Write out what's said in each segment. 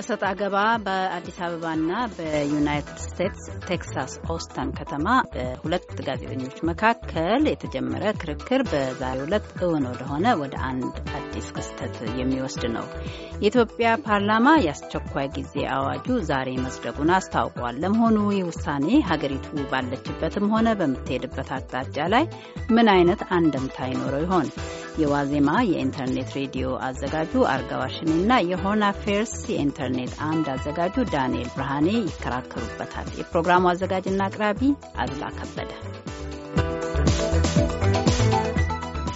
እሰጥ አገባ በአዲስ አበባና በዩናይትድ ስቴትስ ቴክሳስ ኦስተን ከተማ በሁለት ጋዜጠኞች መካከል የተጀመረ ክርክር በዛሬ ሁለት እውን ወደሆነ ወደ አንድ አዲስ ክስተት የሚወስድ ነው። የኢትዮጵያ ፓርላማ የአስቸኳይ ጊዜ አዋጁ ዛሬ መጽደቁን አስታውቋል። ለመሆኑ ይህ ውሳኔ ሀገሪቱ ባለችበትም ሆነ በምትሄድበት አቅጣጫ ላይ ምን አይነት አንድምታ ይኖረው ይሆን? የዋዜማ የኢንተርኔት ሬዲዮ አዘጋጁ አርጋዋሽንና የሆና ፌርስ የኢንተርኔት አምድ አዘጋጁ ዳንኤል ብርሃኔ ይከራከሩበታል። የፕሮግራሙ አዘጋጅና አቅራቢ አዝላ ከበደ።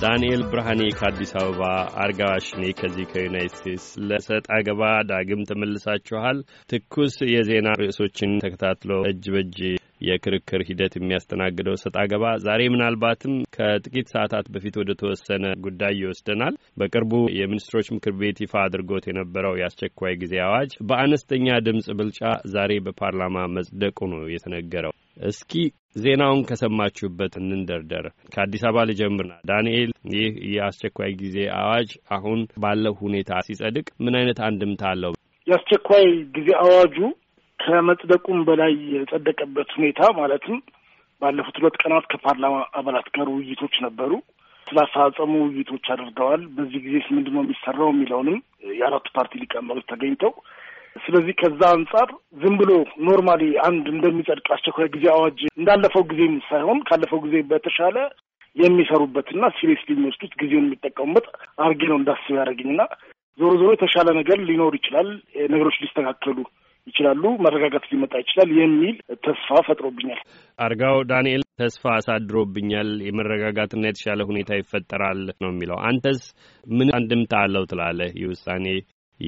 ዳንኤል ብርሃኔ ከአዲስ አበባ፣ አርጋዋሽኔ ከዚህ ከዩናይት ስቴትስ ለሰጥ አገባ ዳግም ተመልሳችኋል። ትኩስ የዜና ርዕሶችን ተከታትሎ እጅ በእጅ የክርክር ሂደት የሚያስተናግደው ሰጣ ገባ ዛሬ ምናልባትም ከጥቂት ሰዓታት በፊት ወደ ተወሰነ ጉዳይ ይወስደናል። በቅርቡ የሚኒስትሮች ምክር ቤት ይፋ አድርጎት የነበረው የአስቸኳይ ጊዜ አዋጅ በአነስተኛ ድምፅ ብልጫ ዛሬ በፓርላማ መጽደቁ ነው የተነገረው። እስኪ ዜናውን ከሰማችሁበት እንንደርደር። ከአዲስ አበባ ልጀምርና ዳንኤል፣ ይህ የአስቸኳይ ጊዜ አዋጅ አሁን ባለው ሁኔታ ሲጸድቅ ምን አይነት አንድምታ አለው? የአስቸኳይ ጊዜ አዋጁ ከመጽደቁም በላይ የጸደቀበት ሁኔታ ማለትም ባለፉት ሁለት ቀናት ከፓርላማ አባላት ጋር ውይይቶች ነበሩ። ስላሳጸሙ ውይይቶች አድርገዋል። በዚህ ጊዜ ምንድን ነው የሚሰራው የሚለውንም የአራቱ ፓርቲ ሊቀመንበሮች ተገኝተው ስለዚህ ከዛ አንጻር ዝም ብሎ ኖርማሊ አንድ እንደሚጸድቅ አስቸኳይ ጊዜ አዋጅ እንዳለፈው ጊዜም ሳይሆን ካለፈው ጊዜ በተሻለ የሚሰሩበትና ሲሪየስሊ የሚወስዱት ጊዜውን የሚጠቀሙበት አድርጌ ነው እንዳስብ ያደረግኝና ዞሮ ዞሮ የተሻለ ነገር ሊኖር ይችላል። ነገሮች ሊስተካከሉ ይችላሉ፣ መረጋጋት ሊመጣ ይችላል የሚል ተስፋ ፈጥሮብኛል። አርጋው ዳንኤል ተስፋ አሳድሮብኛል፣ የመረጋጋትና የተሻለ ሁኔታ ይፈጠራል ነው የሚለው። አንተስ ምን አንድምታ አለው ትላለህ? ይህ ውሳኔ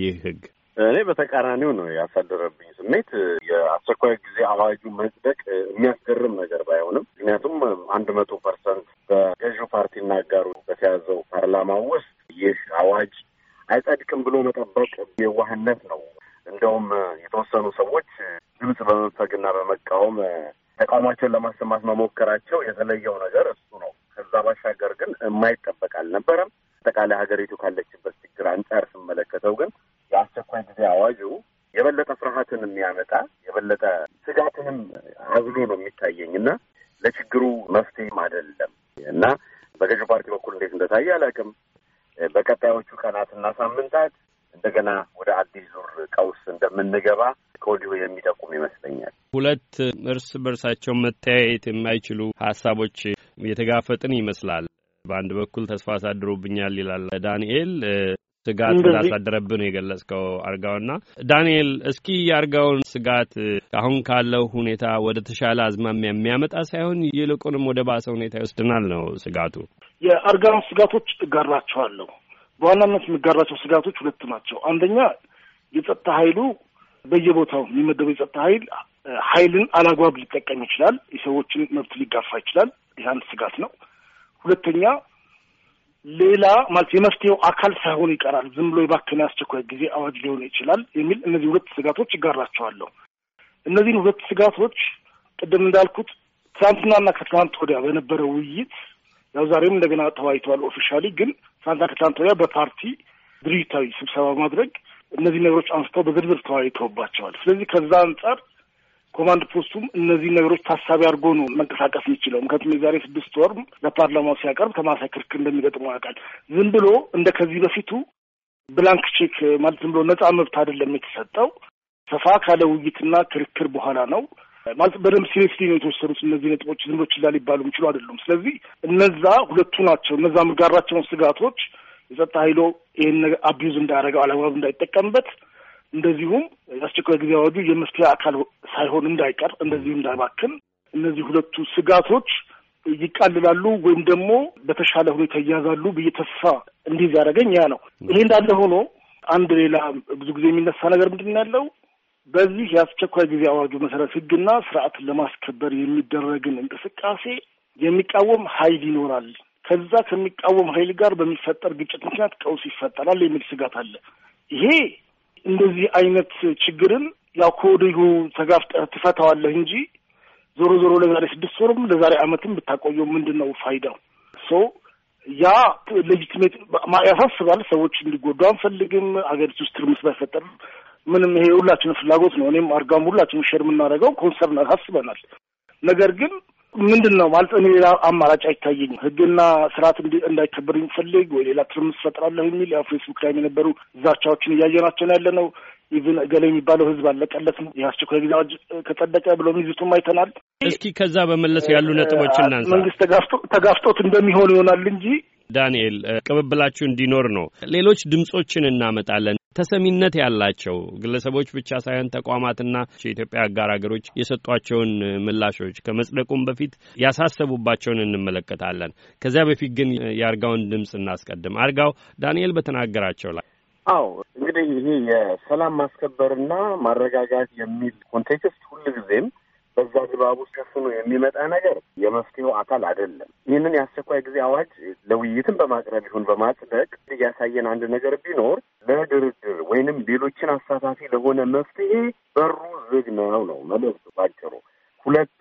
ይህ ህግ እኔ በተቃራኒው ነው ያሳደረብኝ ስሜት። የአስቸኳይ ጊዜ አዋጁ መጽደቅ የሚያስገርም ነገር ባይሆንም ምክንያቱም አንድ መቶ ፐርሰንት በገዢው ፓርቲና አጋሩ በተያዘው ፓርላማ ውስጥ ይህ አዋጅ አይጸድቅም ብሎ መጠበቅ የዋህነት ነው። እንደውም የተወሰኑ ሰዎች ድምፅ በመንፈግና በመቃወም ተቃውሟቸውን ለማሰማት መሞከራቸው የተለየው ነገር እሱ ነው። ከዛ ባሻገር ግን የማይጠበቅ አልነበረም። አጠቃላይ ሀገሪቱ ካለችበት ችግር አንጻር ስመለከተው ግን የአስቸኳይ ጊዜ አዋጁ የበለጠ ፍርሃትን የሚያመጣ የበለጠ ስጋትንም አዝሎ ነው የሚታየኝ እና ለችግሩ መፍትሄም አይደለም እና በገዥ ፓርቲ በኩል እንዴት እንደታየ አላውቅም። በቀጣዮቹ ቀናትና ሳምንታት እንደገና ወደ አዲስ ዙር ቀውስ እንደምንገባ ከወዲሁ የሚጠቁም ይመስለኛል። ሁለት እርስ በርሳቸው መተያየት የማይችሉ ሀሳቦች የተጋፈጥን ይመስላል። በአንድ በኩል ተስፋ አሳድሮብኛል ይላል ዳንኤል ስጋት እንዳሳደረብህ ነው የገለጽከው አርጋውና ዳንኤል እስኪ የአርጋውን ስጋት አሁን ካለው ሁኔታ ወደ ተሻለ አዝማሚያ የሚያመጣ ሳይሆን ይልቁንም ወደ ባሰ ሁኔታ ይወስድናል ነው ስጋቱ። የአርጋውን ስጋቶች እጋራቸዋለሁ። በዋናነት የሚጋራቸው ስጋቶች ሁለት ናቸው። አንደኛ የጸጥታ ኃይሉ በየቦታው የሚመደበው የጸጥታ ኃይል ኃይልን አላግባብ ሊጠቀም ይችላል፣ የሰዎችን መብት ሊጋፋ ይችላል። ይህ አንድ ስጋት ነው። ሁለተኛ ሌላ ማለት የመፍትሄው አካል ሳይሆን ይቀራል፣ ዝም ብሎ የባከነ አስቸኳይ ጊዜ አዋጅ ሊሆን ይችላል የሚል እነዚህ ሁለት ስጋቶች ይጋራቸዋለሁ። እነዚህን ሁለት ስጋቶች ቅድም እንዳልኩት ትናንትናና ከትናንት ወዲያ በነበረው ውይይት ያው ዛሬም እንደገና ተወያይተዋል። ኦፊሻሊ ግን ትናንትና ከትናንት ወዲያ በፓርቲ ድርጅታዊ ስብሰባ ማድረግ እነዚህ ነገሮች አንስተው በዝርዝር ተወያይተውባቸዋል። ስለዚህ ከዛ አንጻር ኮማንድ ፖስቱም እነዚህ ነገሮች ታሳቢ አድርጎ ነው መንቀሳቀስ የሚችለው። ምክንያቱም የዛሬ ስድስት ወር ለፓርላማው ሲያቀርብ ተማሳይ ክርክር እንደሚገጥመው ያውቃል። ዝም ብሎ እንደ ከዚህ በፊቱ ብላንክ ቼክ ማለት ዝም ብሎ ነጻ መብት አይደለም የተሰጠው። ሰፋ ካለ ውይይትና ክርክር በኋላ ነው ማለት በደንብ ሲሪየስሊ ነው የተወሰዱት። እነዚህ ነጥቦች ዝም ብሎ ችላ ሊባሉ የሚችሉ አይደሉም። ስለዚህ እነዛ ሁለቱ ናቸው። እነዛ ምጋራቸውን ስጋቶች የጸጥታ ኃይሎ ይህን ነገር አቢዩዝ እንዳያደርገው አለማብ እንዳይጠቀምበት፣ እንደዚሁም የአስቸኳይ ጊዜ አዋጁ የመፍትሄ አካል ሳይሆን እንዳይቀር፣ እንደዚሁም እንዳይባክን እነዚህ ሁለቱ ስጋቶች ይቃልላሉ ወይም ደግሞ በተሻለ ሁኔታ ይያዛሉ ብዬ ተስፋ እንዲህ ያደረገኝ ያ ነው። ይሄ እንዳለ ሆኖ አንድ ሌላ ብዙ ጊዜ የሚነሳ ነገር ምንድን ነው ያለው በዚህ የአስቸኳይ ጊዜ አዋጁ መሰረት ህግና ስርዓትን ለማስከበር የሚደረግን እንቅስቃሴ የሚቃወም ኃይል ይኖራል። ከዛ ከሚቃወም ኃይል ጋር በሚፈጠር ግጭት ምክንያት ቀውስ ይፈጠራል የሚል ስጋት አለ። ይሄ እንደዚህ አይነት ችግርን ያው ከወዲሁ ተጋፍጠህ ትፈታዋለህ እንጂ ዞሮ ዞሮ ለዛሬ ስድስት ወርም ለዛሬ አመትም ብታቆየው ምንድን ነው ፋይዳው? ሶ ያ ሌጂትሜት ያሳስባል። ሰዎች እንዲጎዱ አንፈልግም። አገሪቱ ውስጥ ትርምስ ባይፈጠር ምንም ይሄ ሁላችንም ፍላጎት ነው። እኔም አርጋም ሁላችንም ሸር የምናደርገው ኮንሰርን አሳስበናል። ነገር ግን ምንድን ነው ማለት እኔ ሌላ አማራጭ አይታየኝም። ህግና ስርዓት እንዳይከበር የሚፈልግ ወይ ሌላ ትርምስ ፈጥራለሁ የሚል ያው ፌስቡክ ላይም የነበሩ ዛቻዎችን እያየናቸው ነው ያለ ነው። ኢቭን እገሌ የሚባለው ህዝብ አለቀለትም የአስቸኳይ ጊዜ አዋጅ ከጸደቀ ብሎ የሚይዙትም አይተናል። እስኪ ከዛ በመለስ ያሉ ነጥቦች እናንሳ። መንግስት ተጋፍጦት እንደሚሆን ይሆናል እንጂ ዳንኤል ቅብብላችሁ እንዲኖር ነው። ሌሎች ድምጾችን እናመጣለን ተሰሚነት ያላቸው ግለሰቦች ብቻ ሳይሆን ተቋማትና የኢትዮጵያ አጋር ሀገሮች የሰጧቸውን ምላሾች ከመጽደቁም በፊት ያሳሰቡባቸውን እንመለከታለን። ከዚያ በፊት ግን የአርጋውን ድምፅ እናስቀድም። አርጋው ዳንኤል በተናገራቸው ላይ አዎ እንግዲህ ይሄ የሰላም ማስከበርና ማረጋጋት የሚል ኮንቴክስት ሁልጊዜም በዛ ድባብ ውስጥ ሸፍኖ የሚመጣ ነገር የመፍትሄው አካል አይደለም። ይህንን የአስቸኳይ ጊዜ አዋጅ ለውይይትም በማቅረብ ይሁን በማጽደቅ እያሳየን አንድ ነገር ቢኖር ለድርድር ወይንም ሌሎችን አሳታፊ ለሆነ መፍትሄ በሩ ዝግ ነው ነው መልዕክቱ ባጭሩ። ሁለት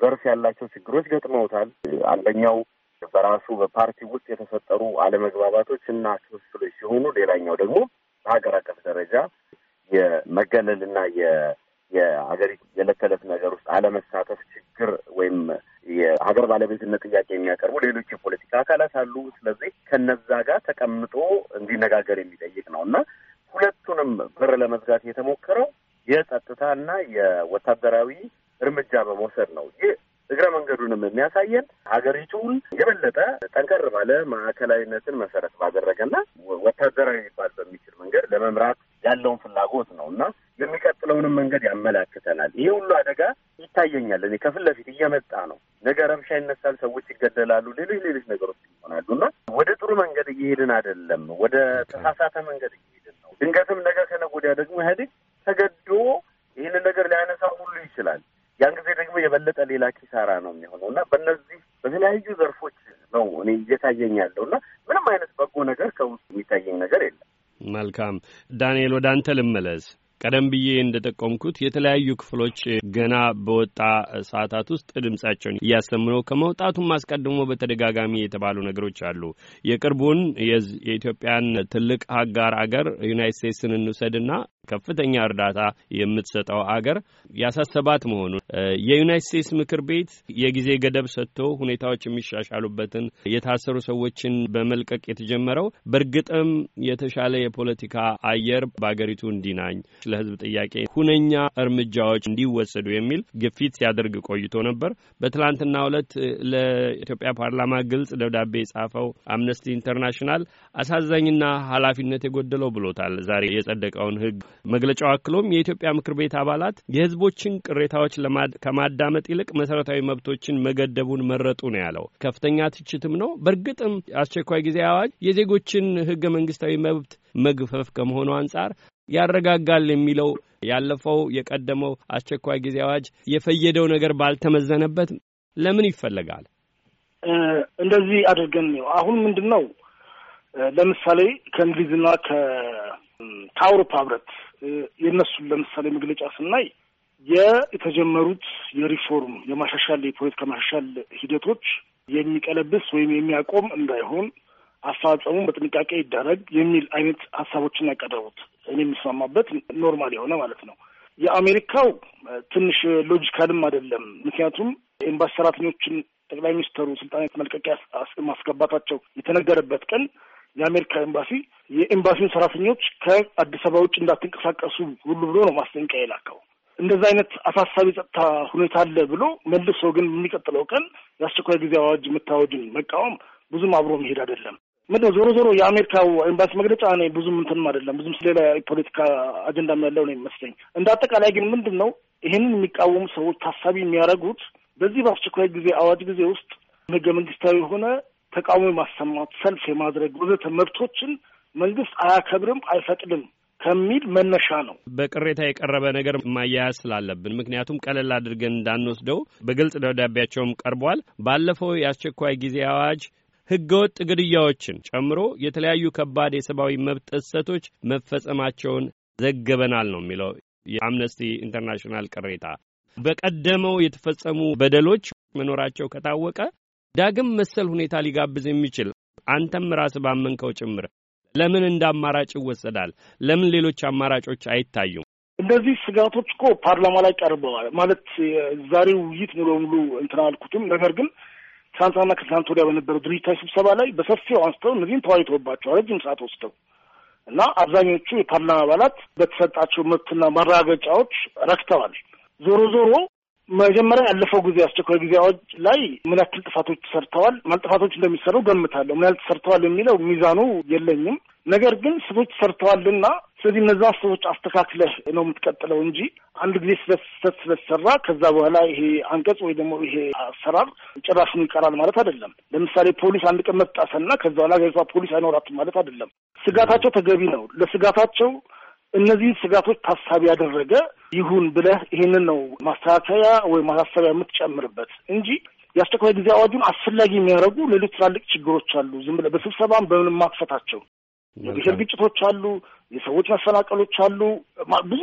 ዘርፍ ያላቸው ችግሮች ገጥመውታል። አንደኛው በራሱ በፓርቲ ውስጥ የተፈጠሩ አለመግባባቶች እና ክፍፍሎች ሲሆኑ፣ ሌላኛው ደግሞ በሀገር አቀፍ ደረጃ የመገለልና የሀገሪቱ የዕለት ተዕለት ነገር ውስጥ አለመሳተፍ ችግር ወይም የሀገር ባለቤትነት ጥያቄ የሚያቀርቡ ሌሎች የፖለቲካ አካላት አሉ። ስለዚህ ከነዛ ጋር ተቀምጦ እንዲነጋገር የሚጠይቅ ነው እና ሁለቱንም በር ለመዝጋት የተሞከረው የጸጥታና የወታደራዊ እርምጃ በመውሰድ ነው። ይህ እግረ መንገዱንም የሚያሳየን ሀገሪቱን የበለጠ ጠንከር ባለ ማዕከላዊነትን መሰረት ባደረገና ወታደራዊ ሊባል በሚችል መንገድ ለመምራት ያለውን ፍላጎት ነው እና የሚቀጥለውንም መንገድ ያመላክተናል። ይህ ሁሉ አደጋ ይታየኛል እኔ ከፊት ለፊት እየመጣ ነው። ነገ ረብሻ ይነሳል፣ ሰዎች ይገደላሉ፣ ሌሎች ሌሎች ነገሮች ይሆናሉ እና ወደ ጥሩ መንገድ እየሄድን አይደለም፣ ወደ ተሳሳተ መንገድ እየሄድን ነው። ድንገትም ነገ ከነገ ወዲያ ደግሞ ኢህአዴግ ተገዶ ይህንን ነገር ሊያነሳ ሁሉ ይችላል። ያን ጊዜ ደግሞ የበለጠ ሌላ ኪሳራ ነው የሚሆነው እና በእነዚህ በተለያዩ ዘርፎች ነው እኔ እየታየኝ ያለው እና ምንም አይነት በጎ ነገር ከውስጥ የሚታየኝ ነገር የለም። መልካም ዳንኤል፣ ወደ አንተ ልመለስ። ቀደም ብዬ እንደጠቆምኩት የተለያዩ ክፍሎች ገና በወጣ ሰዓታት ውስጥ ድምጻቸውን እያሰሙ ነው። ከመውጣቱም አስቀድሞ በተደጋጋሚ የተባሉ ነገሮች አሉ። የቅርቡን የኢትዮጵያን ትልቅ አጋር አገር ዩናይት ስቴትስን እንውሰድና ከፍተኛ እርዳታ የምትሰጠው አገር ያሳሰባት መሆኑን የዩናይት ስቴትስ ምክር ቤት የጊዜ ገደብ ሰጥቶ ሁኔታዎች የሚሻሻሉበትን የታሰሩ ሰዎችን በመልቀቅ የተጀመረው በእርግጥም የተሻለ የፖለቲካ አየር በአገሪቱ እንዲናኝ ለህዝብ ጥያቄ ሁነኛ እርምጃዎች እንዲወሰዱ የሚል ግፊት ሲያደርግ ቆይቶ ነበር። በትላንትናው ዕለት ለኢትዮጵያ ፓርላማ ግልጽ ደብዳቤ የጻፈው አምነስቲ ኢንተርናሽናል አሳዛኝና ኃላፊነት የጎደለው ብሎታል ዛሬ የጸደቀውን ህግ መግለጫው አክሎም የኢትዮጵያ ምክር ቤት አባላት የህዝቦችን ቅሬታዎች ከማዳመጥ ይልቅ መሰረታዊ መብቶችን መገደቡን መረጡ ነው ያለው። ከፍተኛ ትችትም ነው። በእርግጥም አስቸኳይ ጊዜ አዋጅ የዜጎችን ህገ መንግስታዊ መብት መግፈፍ ከመሆኑ አንጻር ያረጋጋል የሚለው ያለፈው የቀደመው አስቸኳይ ጊዜ አዋጅ የፈየደው ነገር ባልተመዘነበት ለምን ይፈለጋል? እንደዚህ አድርገን ነው። አሁን ምንድን ነው ለምሳሌ ከእንግሊዝና ከአውሮፓ ህብረት የእነሱን ለምሳሌ መግለጫ ስናይ የተጀመሩት የሪፎርም የማሻሻል የፖለቲካ ማሻሻል ሂደቶች የሚቀለብስ ወይም የሚያቆም እንዳይሆን አፈጻጸሙ በጥንቃቄ ይደረግ የሚል አይነት ሀሳቦችን ያቀረቡት እኔ የሚስማማበት ኖርማል የሆነ ማለት ነው። የአሜሪካው ትንሽ ሎጂካልም አይደለም። ምክንያቱም ኤምባሲ ሰራተኞችን ጠቅላይ ሚኒስትሩ ስልጣን መልቀቂያ ማስገባታቸው የተነገረበት ቀን የአሜሪካ ኤምባሲ የኤምባሲውን ሰራተኞች ከአዲስ አበባ ውጭ እንዳትንቀሳቀሱ ሁሉ ብሎ ነው ማስጠንቀቂያ የላከው። እንደዛ አይነት አሳሳቢ ጸጥታ ሁኔታ አለ ብሎ መልሶ ግን የሚቀጥለው ቀን የአስቸኳይ ጊዜ አዋጅ መታወጅን መቃወም ብዙም አብሮ መሄድ አይደለም። ምንድነው ዞሮ ዞሮ የአሜሪካው ኤምባሲ መግለጫ እኔ ብዙም እንትንም አይደለም፣ ብዙም ሌላ የፖለቲካ አጀንዳም ያለው ነው ይመስለኝ። እንደ አጠቃላይ ግን ምንድን ነው ይህንን የሚቃወሙ ሰዎች ታሳቢ የሚያደርጉት በዚህ በአስቸኳይ ጊዜ አዋጅ ጊዜ ውስጥ ህገ መንግስታዊ የሆነ ተቃውሞ የማሰማት፣ ሰልፍ የማድረግ ወዘተ መብቶችን መንግስት አያከብርም፣ አይፈቅድም ከሚል መነሻ ነው። በቅሬታ የቀረበ ነገር ማያያዝ ስላለብን ምክንያቱም ቀለል አድርገን እንዳንወስደው በግልጽ ደብዳቤያቸውም ቀርቧል። ባለፈው የአስቸኳይ ጊዜ አዋጅ ህገወጥ ግድያዎችን ጨምሮ የተለያዩ ከባድ የሰብአዊ መብት ጥሰቶች መፈጸማቸውን ዘግበናል ነው የሚለው የአምነስቲ ኢንተርናሽናል ቅሬታ። በቀደመው የተፈጸሙ በደሎች መኖራቸው ከታወቀ ዳግም መሰል ሁኔታ ሊጋብዝ የሚችል አንተም ራስህ ባመንከው ጭምር ለምን እንደ አማራጭ ይወሰዳል? ለምን ሌሎች አማራጮች አይታዩም? እንደዚህ ስጋቶች እኮ ፓርላማ ላይ ቀርበዋል። ማለት ዛሬ ውይይት ሙሉ በሙሉ እንትን አልኩትም። ነገር ግን ትናንትናና ከትናንት ወዲያ በነበረው ድርጅታዊ ስብሰባ ላይ በሰፊው አንስተው እነዚህም ተወያይተውባቸዋል ረጅም ሰዓት ወስደው እና አብዛኞቹ የፓርላማ አባላት በተሰጣቸው መብትና ማረጋገጫዎች ረክተዋል። ዞሮ ዞሮ መጀመሪያ ያለፈው ጊዜ አስቸኳይ ጊዜ ላይ ምን ያክል ጥፋቶች ተሰርተዋል፣ ማለት ጥፋቶች እንደሚሰሩ ገምታለሁ። ምን ያህል ተሰርተዋል የሚለው ሚዛኑ የለኝም። ነገር ግን ስህተቶች ሰርተዋልና ስለዚህ እነዛ ስቶች አስተካክለህ ነው የምትቀጥለው እንጂ አንድ ጊዜ ስህተት ስለተሰራ ከዛ በኋላ ይሄ አንቀጽ ወይ ደግሞ ይሄ አሰራር ጭራሽን ይቀራል ማለት አይደለም። ለምሳሌ ፖሊስ አንድ ቀን መጣሰና ከዛ በኋላ ሀገሪቷ ፖሊስ አይኖራትም ማለት አይደለም። ስጋታቸው ተገቢ ነው። ለስጋታቸው እነዚህ ስጋቶች ታሳቢ ያደረገ ይሁን ብለህ ይህንን ነው ማስተካከያ ወይ ማሳሰቢያ የምትጨምርበት እንጂ የአስቸኳይ ጊዜ አዋጁን አስፈላጊ የሚያደርጉ ሌሎች ትላልቅ ችግሮች አሉ። ዝም ብለህ በስብሰባም በምንም ማክፈታቸው የብሔር ግጭቶች አሉ፣ የሰዎች መፈናቀሎች አሉ፣ ብዙ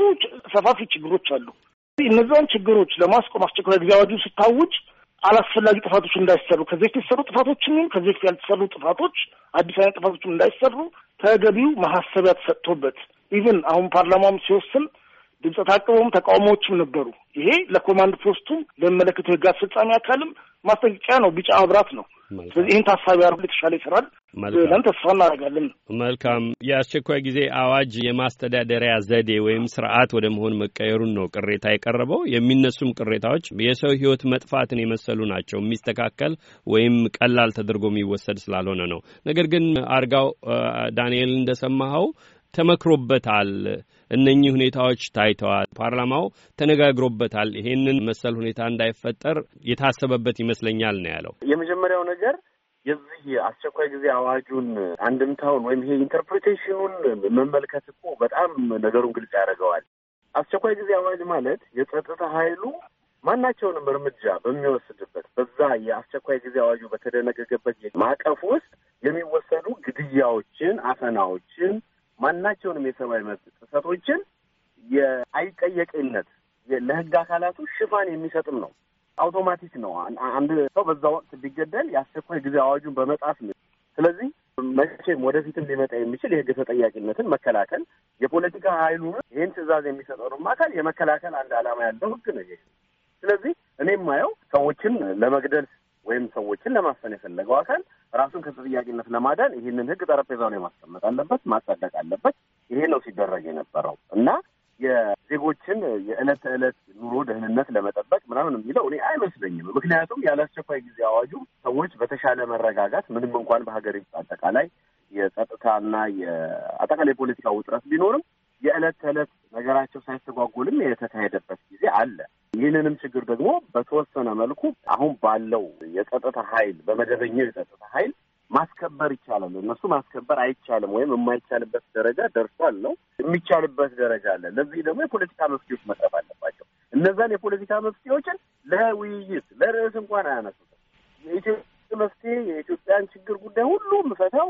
ሰፋፊ ችግሮች አሉ። እነዛን ችግሮች ለማስቆም አስቸኳይ ጊዜ አዋጁን ስታውጅ አላስፈላጊ ጥፋቶች እንዳይሰሩ ከዚህ በፊት የተሰሩ ጥፋቶችም ከዚህ በፊት ያልተሰሩ ጥፋቶች አዲስ አይነት ጥፋቶችም እንዳይሰሩ ተገቢው ማሳሰቢያ ተሰጥቶበት ኢቨን አሁን ፓርላማም ሲወስን ድምፀ ታቅቦም ተቃውሞዎችም ነበሩ። ይሄ ለኮማንድ ፖስቱም ለሚመለከተው የህግ አስፈጻሚ አካልም ማስጠንቀቂያ ነው፣ ቢጫ መብራት ነው። ስለዚህ ይህን ታሳቢ አድርጎ የተሻለ ይሰራል ብለን ተስፋ እናደርጋለን። መልካም። የአስቸኳይ ጊዜ አዋጅ የማስተዳደሪያ ዘዴ ወይም ስርዓት ወደ መሆን መቀየሩን ነው ቅሬታ የቀረበው። የሚነሱም ቅሬታዎች የሰው ህይወት መጥፋትን የመሰሉ ናቸው። የሚስተካከል ወይም ቀላል ተደርጎ የሚወሰድ ስላልሆነ ነው። ነገር ግን አርጋው ዳንኤል እንደሰማኸው ተመክሮበታል። እነኚህ ሁኔታዎች ታይተዋል። ፓርላማው ተነጋግሮበታል። ይሄንን መሰል ሁኔታ እንዳይፈጠር የታሰበበት ይመስለኛል ነው ያለው። የመጀመሪያው ነገር የዚህ አስቸኳይ ጊዜ አዋጁን አንድምታውን ወይም ይሄ ኢንተርፕሬቴሽኑን መመልከት እኮ በጣም ነገሩን ግልጽ ያደርገዋል። አስቸኳይ ጊዜ አዋጅ ማለት የጸጥታ ኃይሉ ማናቸውንም እርምጃ በሚወስድበት በዛ የአስቸኳይ ጊዜ አዋጁ በተደነገገበት ማዕቀፍ ውስጥ የሚወሰዱ ግድያዎችን፣ አፈናዎችን ማናቸውንም የሰብአዊ መብት ጥሰቶችን የአይጠየቅነት ለህግ አካላቱ ሽፋን የሚሰጥም ነው። አውቶማቲክ ነው። አንድ ሰው በዛ ወቅት ቢገደል የአስቸኳይ ጊዜ አዋጁን በመጣስ ስለዚህ መቼም ወደፊትም ሊመጣ የሚችል የህግ ተጠያቂነትን መከላከል የፖለቲካ ኃይሉ ይህን ትዕዛዝ የሚሰጠሩም አካል የመከላከል አንድ ዓላማ ያለው ህግ ነው። ስለዚህ እኔ ማየው ሰዎችን ለመግደል ወይም ሰዎችን ለማፈን የፈለገው አካል ራሱን ከተጠያቂነት ለማዳን ይህንን ህግ ጠረጴዛው ላይ ማስቀመጥ አለበት፣ ማጸደቅ አለበት። ይሄ ነው ሲደረግ የነበረው እና የዜጎችን የዕለት ተዕለት ኑሮ ደህንነት ለመጠበቅ ምናምን የሚለው እኔ አይመስለኝም። ምክንያቱም ያለ አስቸኳይ ጊዜ አዋጁ ሰዎች በተሻለ መረጋጋት ምንም እንኳን በሀገሪቱ አጠቃላይ የጸጥታና የአጠቃላይ የፖለቲካ ውጥረት ቢኖርም የዕለት ተዕለት ነገራቸው ሳይስተጓጎልም የተካሄደበት ጊዜ አለ። ይህንንም ችግር ደግሞ በተወሰነ መልኩ አሁን ባለው የጸጥታ ኃይል በመደበኛው የጸጥታ ኃይል ማስከበር ይቻላል። እነሱ ማስከበር አይቻልም ወይም የማይቻልበት ደረጃ ደርሷል ነው የሚቻልበት ደረጃ አለ። ለዚህ ደግሞ የፖለቲካ መፍትሄዎች መቅረብ አለባቸው። እነዛን የፖለቲካ መፍትሄዎችን ለውይይት ለርዕስ እንኳን አያነሱትም። የኢትዮጵያ መፍትሄ የኢትዮጵያን ችግር ጉዳይ ሁሉ የምፈታው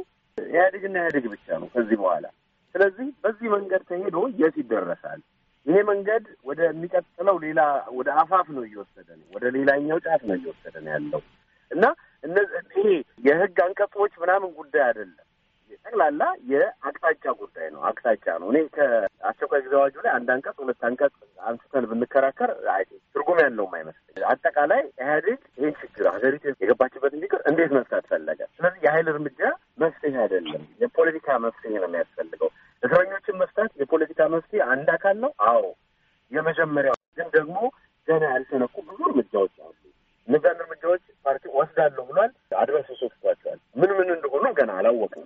ኢህአዴግና ኢህአዴግ ብቻ ነው ከዚህ በኋላ ስለዚህ በዚህ መንገድ ተሄዶ የት ይደረሳል? ይሄ መንገድ ወደሚቀጥለው ሌላ ወደ አፋፍ ነው እየወሰደን ወደ ሌላኛው ጫፍ ነው እየወሰደን ያለው እና ይሄ የህግ አንቀጾች ምናምን ጉዳይ አይደለም። ጠቅላላ የአቅጣጫ ጉዳይ ነው። አቅጣጫ ነው። እኔ ከአስቸኳይ ጊዜ አዋጁ ላይ አንድ አንቀጽ ሁለት አንቀጽ አንስተን ብንከራከር ትርጉም ያለውም አይመስል። አጠቃላይ ኢህአዴግ ይህን ችግር ሀገሪቱ የገባችበትን ችግር እንዴት መፍታት ፈለገ? ስለዚህ የሀይል እርምጃ መፍትሄ አይደለም፣ የፖለቲካ መፍትሄ ነው የሚያስፈልገው። እስረኞችን መፍታት የፖለቲካ መፍትሄ አንድ አካል ነው። አዎ የመጀመሪያው ግን ደግሞ ገና ያልተነኩ ብዙ እርምጃዎች አሉ። እነዛን እርምጃዎች ፓርቲ ወስዳለሁ ብሏል። አድቫንስ ወስዷቸዋል። ምን ምን እንደሆኑ ገና አላወቅም።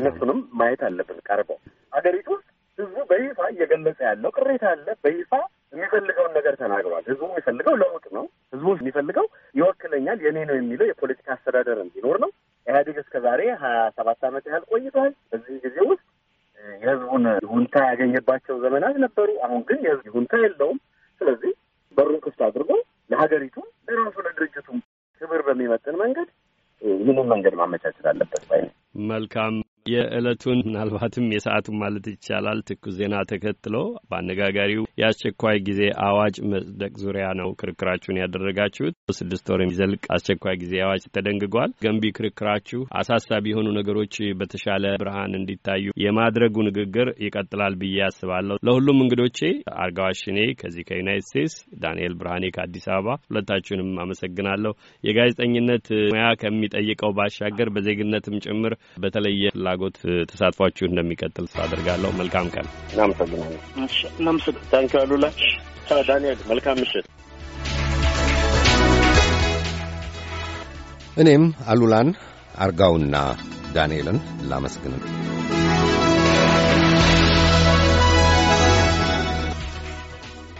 እነሱንም ማየት አለብን። ቀርበው ሀገሪቱ ውስጥ ህዝቡ በይፋ እየገለጸ ያለው ቅሬታ አለ። በይፋ የሚፈልገውን ነገር ተናግሯል። ህዝቡ የሚፈልገው ለውጥ ነው። ህዝቡ የሚፈልገው ይወክለኛል፣ የኔ ነው የሚለው የፖለቲካ አስተዳደር እንዲኖር ነው። ኢህአዴግ እስከ ዛሬ ሀያ ሰባት ዓመት ያህል ቆይቷል። በዚህ ጊዜ ውስጥ ያገኘባቸው ዘመናት ነበሩ። አሁን ግን የህዝብ ይሁንታ የለውም። ስለዚህ በሩን ክፍት አድርጎ ለሀገሪቱም ለራሱ ለድርጅቱም ክብር በሚመጥን መንገድ ይህንን መንገድ ማመቻቸት አለበት ባይ መልካም የዕለቱን ምናልባትም የሰዓቱን ማለት ይቻላል ትኩስ ዜና ተከትሎ በአነጋጋሪው የአስቸኳይ ጊዜ አዋጅ መጽደቅ ዙሪያ ነው ክርክራችሁን ያደረጋችሁት። ስድስት ወር የሚዘልቅ አስቸኳይ ጊዜ አዋጅ ተደንግጓል። ገንቢ ክርክራችሁ አሳሳቢ የሆኑ ነገሮች በተሻለ ብርሃን እንዲታዩ የማድረጉ ንግግር ይቀጥላል ብዬ አስባለሁ። ለሁሉም እንግዶቼ አርጋዋሽኔ ከዚህ ከዩናይት ስቴትስ፣ ዳንኤል ብርሃኔ ከአዲስ አበባ ሁለታችሁንም አመሰግናለሁ። የጋዜጠኝነት ሙያ ከሚጠይቀው ባሻገር በዜግነትም ጭምር በተለየ ፍላ ፍላጎት ተሳትፏችሁ እንደሚቀጥል አድርጋለሁ። መልካም ቀን። ታንኪ አሉላ ዳንኤል፣ መልካም ምሽት። እኔም አሉላን አርጋውና ዳንኤልን ላመስግንም።